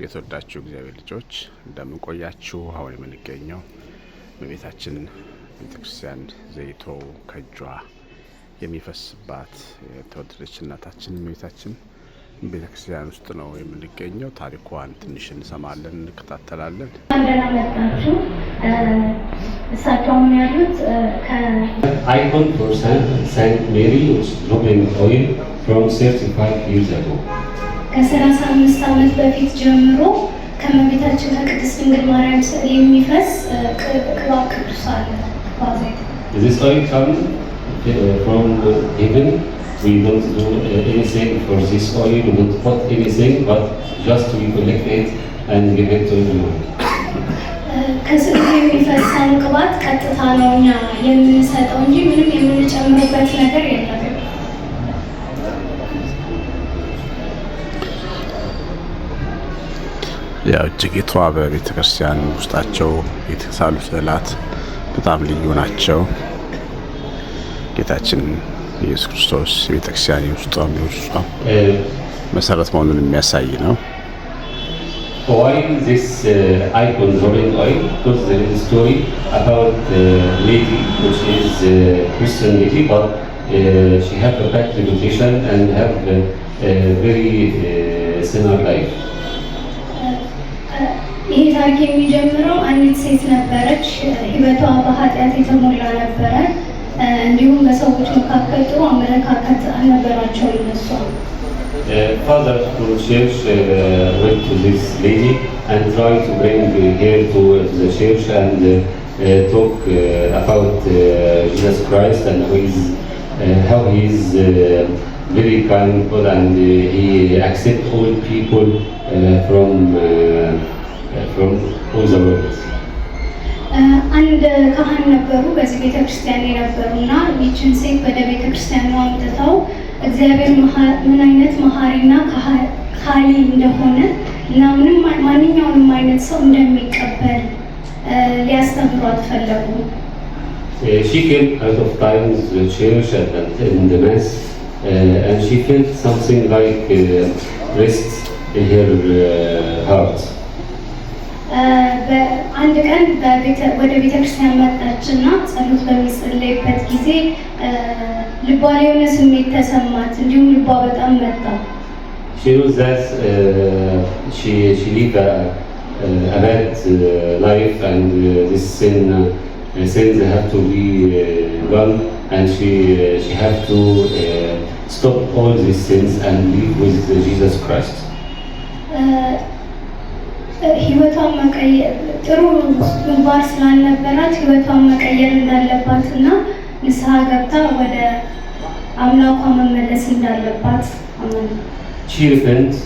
የተወዳችሁ እግዚአብሔር ልጆች እንደምንቆያችሁ አሁን የምንገኘው በቤታችን ቤተክርስቲያን ዘይቶ ከእጇ የሚፈስባት የተወደደች እናታችን ቤታችን ቤተክርስቲያን ውስጥ ነው የምንገኘው። ታሪኳን ትንሽ እንሰማለን፣ እንከታተላለን። እንደናመጣችሁ እሳቸውም ያሉት ከአይኮን ፎር ሳንት ሜሪ ሮሜን ኦይል ፍሮም ሰርቲፋይድ ዩዘር ከሰላሳ አምስት ዓመት በፊት ጀምሮ ከመቤታችን ከቅድስት ድንግል ማርያም ስዕል የሚፈስ ቅባ ቅዱስ አለ። uh, ከስዕሉ የሚፈሰው ቅባት ቀጥታ ነው እኛ የምንሰጠው እንጂ ምንም የምንጨምርበት ነገር የለም። ያው እጅጌቷ የተዋበ ክርስቲያን ውስጣቸው የተሳሉ ስዕላት በጣም ልዩ ናቸው። ጌታችን ኢየሱስ ክርስቶስ የቤተ ክርስቲያን የውስጧ የውስጧ መሰረት መሆኑን የሚያሳይ ነው። ይሄ ታሪክ የሚጀምረው አንዲት ሴት ነበረች። ሕይወቷ በኃጢአት የተሞላ ነበረ። እንዲሁም በሰዎች መካከል ጥሩ አመለካከት አልነበራቸው ይነሷ Father from uh, went to this lady and tried to bring her to the church and uh, talk uh, about uh, Jesus Christ and who is, uh, how he is uh, very kind and uh, he accepts all people uh, from uh, አንድ ካህን ነበሩ በዚህ ቤተክርስቲያን የነበሩ እና ይችን ሴት ወደ ቤተክርስቲያን አምጥተው እግዚአብሔር ምን አይነት መሀሪና ካሊ እንደሆነ እና ምንም ማንኛውንም አይነት ሰው እንደሚቀበል ሊያስተምሯት ፈለጉ። She came out of the church and in the uh, and she felt something like uh, rest in her uh, heart. But በአንድ the ወደ ቤተክርስቲያን መጣች እና ጸሎት በሚጸለይበት ጊዜ ልቧ ላይ የሆነ not ተሰማት። እንዲሁም ልቧ በጣም she Uh, a bad life and uh, this sin sins have to be uh, and she uh, she have to stop all these sins and live with Jesus Christ. ህይወቷን መቀየር ጥሩ ምግባር ስላልነበራት ህይወቷን መቀየር እንዳለባት እና ንስሐ ገብታ ወደ አምላኳ መመለስ እንዳለባት she repented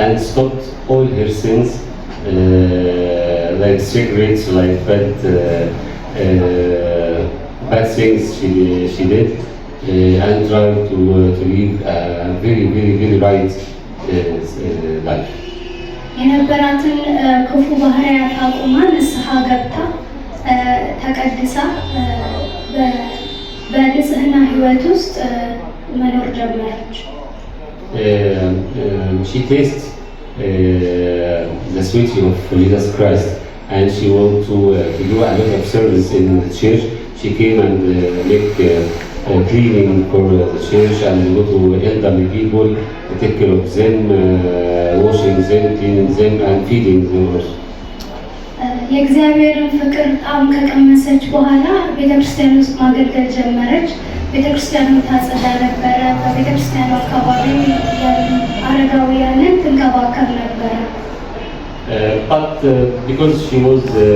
and stopped all her sins uh, like cigarettes like bad, uh, uh, bad things she, she did uh, and tried to, uh, to live a very very very right uh, life የነበራትን ክፉ ባህሪያት አቁማ ንስሐ ገብታ ተቀድሳ በንጽህና ህይወት ውስጥ መኖር ጀመረች። ሺ ቴስት ስዊት ኦፍ ጂዘስ ክራይስት and she want to, uh, to do a lot of service in the church. She came and uh, make uh, training for the church and go to elderly people, take care of them, uh, washing them, cleaning them, and feeding them also. Uh, የእግዚአብሔርን ፍቅር በጣም ከቀመሰች በኋላ ቤተክርስቲያን ውስጥ ማገልገል ጀመረች። ቤተክርስቲያኑ ታጸዳ ነበረ። በቤተክርስቲያኑ አካባቢ አረጋውያንን ትንከባከብ ነበረ። uh, but uh, because she was uh,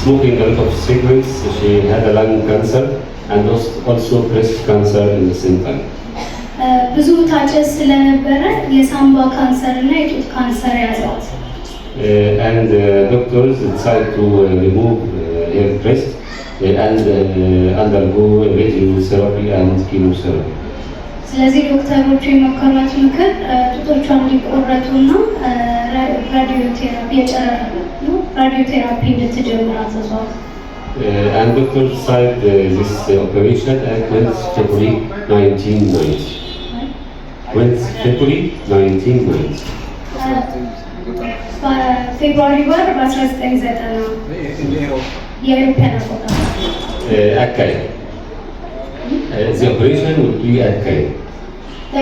smoking a lot of cigarettes, she had a lung cancer. and also breast cancer in the same time. ብዙ ታጨስ ስለነበረ የሳምባ ካንሰር እና የጡት ካንሰር ያዘዋት። and uh, doctors decided to uh, remove uh, her breast uh, and uh, undergo radiotherapy and chemotherapy. ስለዚህ ዶክተሮቹ የመከሯት ምክር ጡቶቿ እንዲቆረጡና ራዲዮቴራፒ የጨረረ ራዲዮቴራፒ እንድትጀምር አዘዟት። Uh, and the Dr. started uh, this uh, operation at went February 1990. Went February 1990. فبراير بس استنزت انا. يا At Cairo. Hmm? The operation would be at Cairo.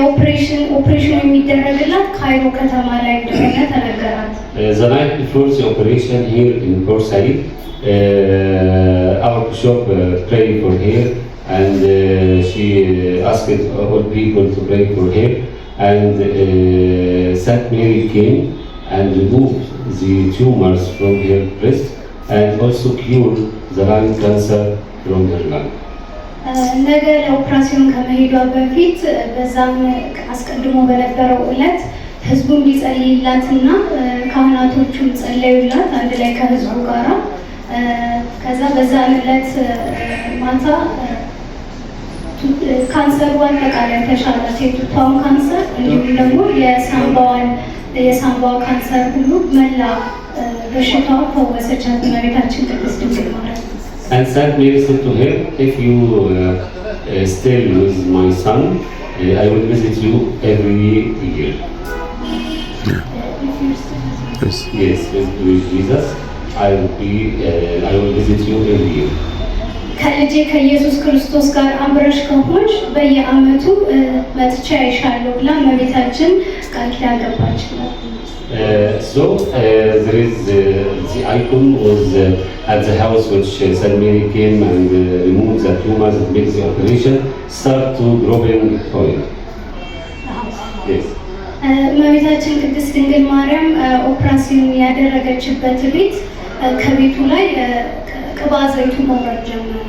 ኦፕሬሽን ኦፕሬሽን የሚደረግላት ካይሮ ከተማ ላይ እንደሆነ ተነገራት. The night before the operation here in Port Said, Eh, our bishop eh, prayed for her and eh, she asked all people to pray for him. and Saint Mary came and removed the tumors from her breast and also cured the lung cancer from her lung. ነገ ለኦፕራሲዮን ከመሄዷ በፊት በዛም አስቀድሞ በነበረው ዕለት ህዝቡ እንዲጸልይላትና ካህናቶቹም ጸለዩላት አንድ ላይ ከህዝቡ ጋራ ከዛ በዛ ምለት ማታ ካንሰሯን በቃላይ ተሻለ የጡቷን ካንሰር እንዲሁም ደግሞ የሳንባዋን የሳንባ ካንሰር ሁሉ መላ በሽታዋ ተወሰቻት እመቤታችን ቅድስት ድንግል ማርያም። And said Mary to him, if you uh, stay with my son, uh, I will visit you every year. Yeah. Yes, yes with Jesus. I will be uh, I will visit you every year. ከልጄ ከኢየሱስ ክርስቶስ ጋር አብረሽ ከሆንሽ በየዓመቱ መጥቻ ይሻለሁ ብላ እመቤታችን ቃል ኪዳን So uh, there is uh, the icon was uh, at the house which uh, San Mary came and uh, removed the tumors and made the operation start to grow in oil. Yes. እመቤታችን ቅድስት ድንግል ማርያም ኦፕራሲዮን ያደረገችበት ቤት ከቤቱ ላይ መውረድ ጀመረ።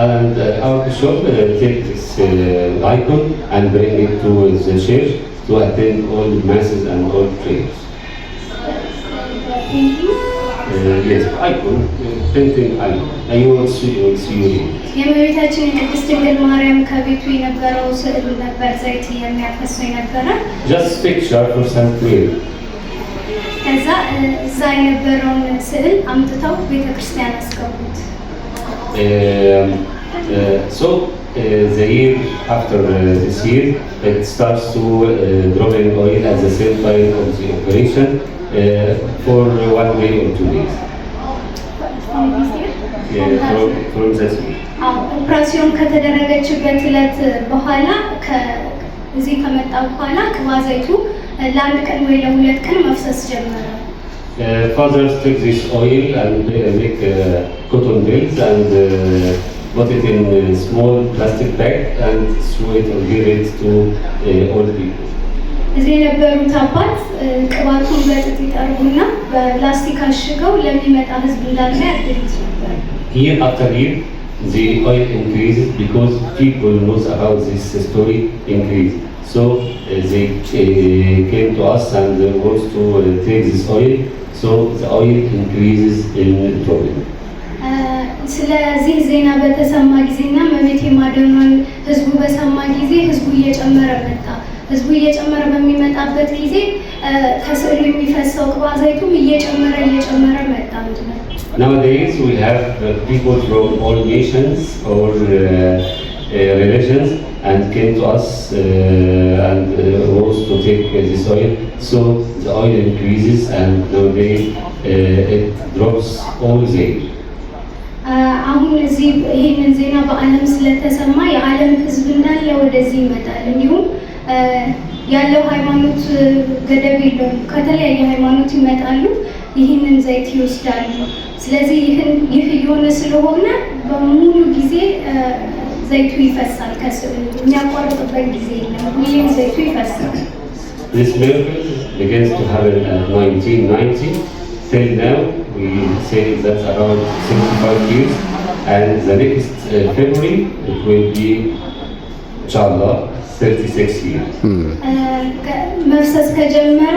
and uh, our bishop uh, take this uh, icon and bring it to the church to attend all masses and all prayers. Uh, yes, icon, uh, painting icon. I will see you will see you. የእመቤታችን የቅድስት just picture for some prayer ከዛ እዛ የነበረውን ስዕል አምጥተው ቤተክርስቲያን አስገቡት። So the year after this year, it starts to drawing oil at the same time of the operation uh, for one day or two days. ኦፕራሲዮን ከተደረገችበት ዕለት በኋላ እዚህ ከመጣ በኋላ ከዋዛይቱ ለአንድ ቀን ወይ ለሁለት ቀን መፍሰስ ጀመረ። ፋዘርስ ቴክ ዚስ ኦይል አንድ ሜክ ኮቶን ቤልስ አንድ put it in a small plastic bag and sew it or give it to uh, old people. እዚህ የነበሩት አባት ቅባቱን በጥጥ ይጠርጉና በፕላስቲክ አሽገው ለሚመጣ ህዝብ እንዳለ ያድርጉት ነበር። Year after year, the oil increased because people knows about this story increased. So they came to us and they want to take this oil, so the oil increases in dropping. Uh, ስለዚህ ዜና በተሰማ ጊዜና መቤት የማደኗን ህዝቡ በሰማ ጊዜ ህዝቡ እየጨመረ መጣ። ህዝቡ እየጨመረ በሚመጣበት ጊዜ uh, ከስዕሉ የሚፈሰው እየጨመረ እየጨመረ መጣ። Nowadays we have uh, people from all nations or religions and came to us uh, and uh, rose to take uh, this oil. So the oil increases and the day uh, it drops all day. Uh, አሁን እዚህ ይህንን ዜና በዓለም ስለተሰማ የዓለም ሕዝብ እንዳለ ወደዚህ ይመጣል። እንዲሁም uh, ያለው ሃይማኖት ገደብ የለውም። ከተለያየ ሃይማኖት ይመጣሉ፣ ይህንን ዘይት ይወስዳሉ። ስለዚህ ይህ የሆነ ስለሆነ በሙሉ ጊዜ uh, ዘይቱ ይፈሳል ከስሩ የሚያቋርጥበት ጊዜ የለም። ሁሌም ዘይቱ ይፈሳል። This miracle begins to happen at 1990. Till now, we say that's around 65 years. And the next uh, February, it will be, inshallah, 36 years. Hmm. ከጀመረ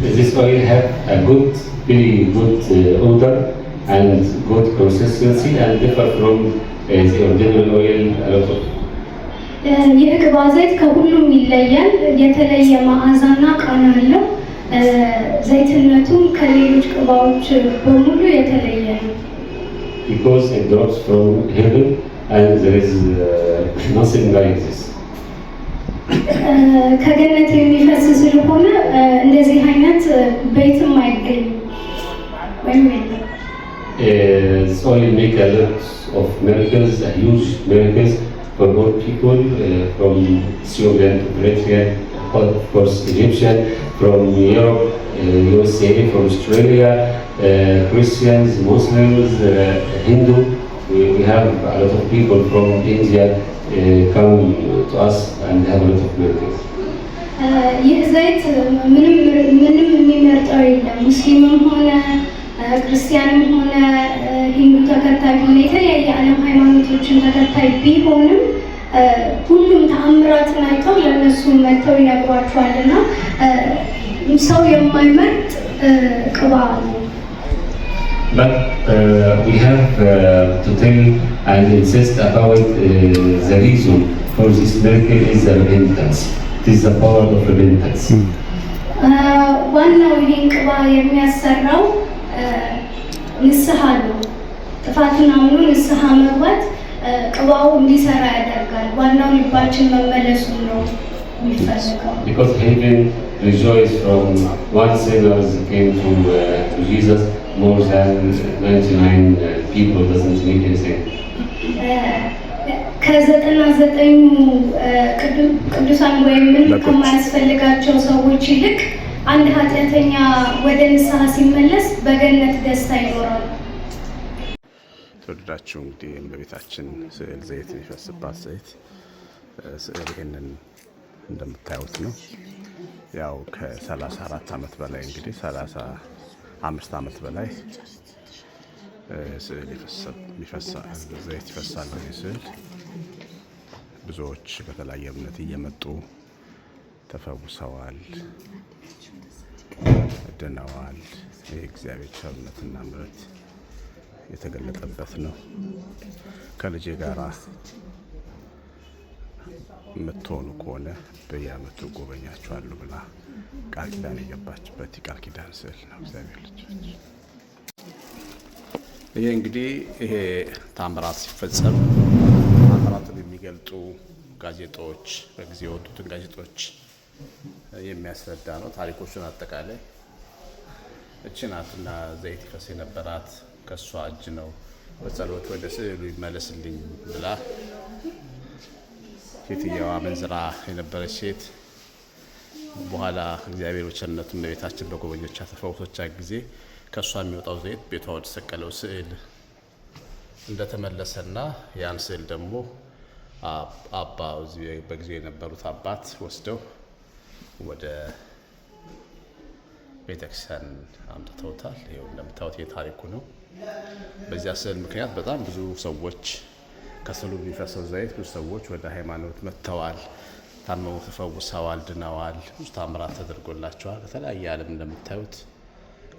this oil have a good, very good uh, odor and good consistency and differ from uh, the ordinary oil a lot of. ይህ ቅባት ከሁሉም ይለያል። የተለየ መዓዛና ቃና አለው። ዘይትነቱም ከሌሎች ቅባዎች በሙሉ የተለየ ነው። because it drops from heaven and there is uh, nothing like this ከገነት የሚፈስ ስለሆነ እንደዚህ It's uh, based on my dream. When we uh, so I make a lot of miracles, a huge miracles for more people uh, from Syrian to Eritrean, of course Egyptian, from Europe, uh, USA, from Australia, uh, Christians, Muslims, uh, Hindu. We, we have a lot of people from India uh, come to us and have a lot of miracles. Uh, yes, that, የለም። ሙስሊምም ሆነ ክርስቲያንም ሆነ ሂንዱ ተከታይ ሆነ የተለያየ ዓለም ሃይማኖቶችን ተከታይ ቢሆንም ሁሉም ተአምራትን አይተው ለእነሱም መጥተው ይነግሯቸዋል እና ሰው የማይመርጥ ቅባ አለ። But uh, we have uh, to tell and insist about uh, the reason for this miracle is the repentance. It is the power of repentance. Mm. Uh, ዋናው ይህን ቅባ የሚያሰራው ንስሐ ነው። ጥፋትን አምኖ ንስሐ መግባት ቅባው እንዲሰራ ያደርጋል። ዋናው ልባችን መመለሱ ነው የሚፈልገው። ከዘጠና ዘጠኙ ቅዱሳን ወይም ምን ከማያስፈልጋቸው ሰዎች ይልቅ አንድ ኃጢአተኛ ወደ ንስሐ ሲመለስ በገነት ደስታ ይኖራል። ተወደዳችሁ እንግዲህ እመቤታችን ስዕል ዘይት የሚፈስባት ዘይት ስዕል ይህንን እንደምታዩት ነው። ያው ከ34 ዓመት በላይ እንግዲህ 35 ዓመት በላይ ስዕል ዘይት ይፈሳል። ስዕል ብዙዎች በተለያየ እምነት እየመጡ ተፈውሰዋል፣ ድነዋል። ይህ እግዚአብሔር ቸርነትና ምሕረት የተገለጠበት ነው። ከልጄ ጋር የምትሆኑ ከሆነ በየአመቱ ጎበኛችኋሉ ብላ ቃል ኪዳን የገባችበት የቃል ኪዳን ስዕል ነው። እግዚአብሔር ልጆች ይሄ እንግዲህ ይሄ ታምራት ሲፈጸም ታምራትን የሚገልጡ ጋዜጦች በጊዜ የወጡትን ጋዜጦች የሚያስረዳ ነው። ታሪኮቹን አጠቃላይ እች ናትና ዘይት ፈስ የነበራት ከእሷ እጅ ነው በጸሎት ወደ ስዕሉ ይመለስልኝ ብላ ሴትየዋ መንዝራ የነበረች ሴት በኋላ እግዚአብሔር ቸርነቱን በቤታችን በጎበኞች ተፈውሶቻ ጊዜ ከእሷ የሚወጣው ዘይት ቤቷ ወደ ሰቀለው ስዕል እንደተመለሰና ያን ስዕል ደግሞ አባ በጊዜው የነበሩት አባት ወስደው ወደ ቤተክርስቲያን አምጥተውታል። ይኸው እንደምታዩት የታሪኩ ነው። በዚያ ስዕል ምክንያት በጣም ብዙ ሰዎች ከስዕሉ የሚፈሰው ዘይት ብዙ ሰዎች ወደ ሃይማኖት መጥተዋል፣ ታመው ተፈውሰዋል፣ ድነዋል፣ ብዙ ታምራት ተደርጎላቸዋል። ከተለያየ ዓለም እንደምታዩት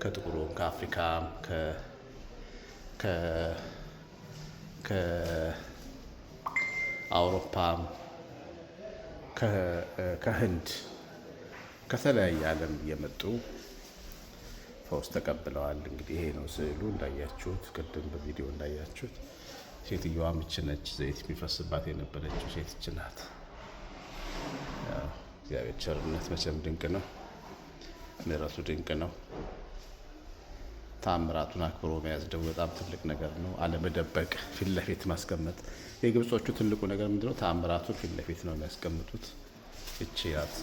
ከጥቁሩም ከአፍሪካ ከአውሮፓም ከህንድ ከተለያየ ዓለም የመጡ ፈውስ ተቀብለዋል። እንግዲህ ይሄ ነው ስዕሉ እንዳያችሁት፣ ቅድም በቪዲዮ እንዳያችሁት ሴትዮዋ ምች ነች። ዘይት የሚፈስባት የነበረችው ሴት ናት። እግዚአብሔር ቸርነት መቼም ድንቅ ነው። ምሕረቱ ድንቅ ነው። ታምራቱን አክብሮ መያዝ ደግሞ በጣም ትልቅ ነገር ነው። አለመደበቅ፣ ፊት ለፊት ማስቀመጥ። የግብጾቹ ትልቁ ነገር ምንድነው? ታምራቱን ፊት ለፊት ነው የሚያስቀምጡት። እቺ ናት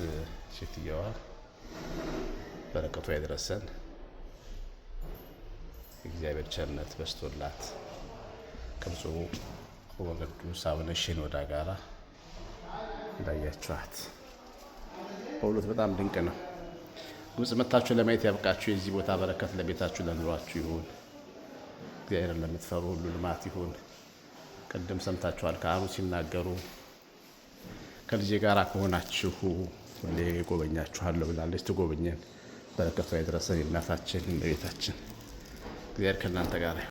ሴትየዋ። በረከቷ የደረሰን እግዚአብሔር ቸርነት በስቶላት ከብፁዕ ወቅዱስ አቡነ ሺኖዳ ጋራ እንዳያችኋት በሁለት በጣም ድንቅ ነው። ግብፅ መታችሁ ለማየት ያብቃችሁ። የዚህ ቦታ በረከት ለቤታችሁ ለኑሯችሁ ይሁን። እግዚአብሔርን ለምትፈሩ ሁሉ ልማት ይሁን። ቅድም ሰምታችኋል ከአኑ ሲናገሩ ከልጄ ጋር ከሆናችሁ እኔ ጎበኛችኋለሁ ብላለች። ትጎብኘን። በረከቷ የደረሰን የእናታችን እመቤታችን እግዚአብሔር ከእናንተ ጋር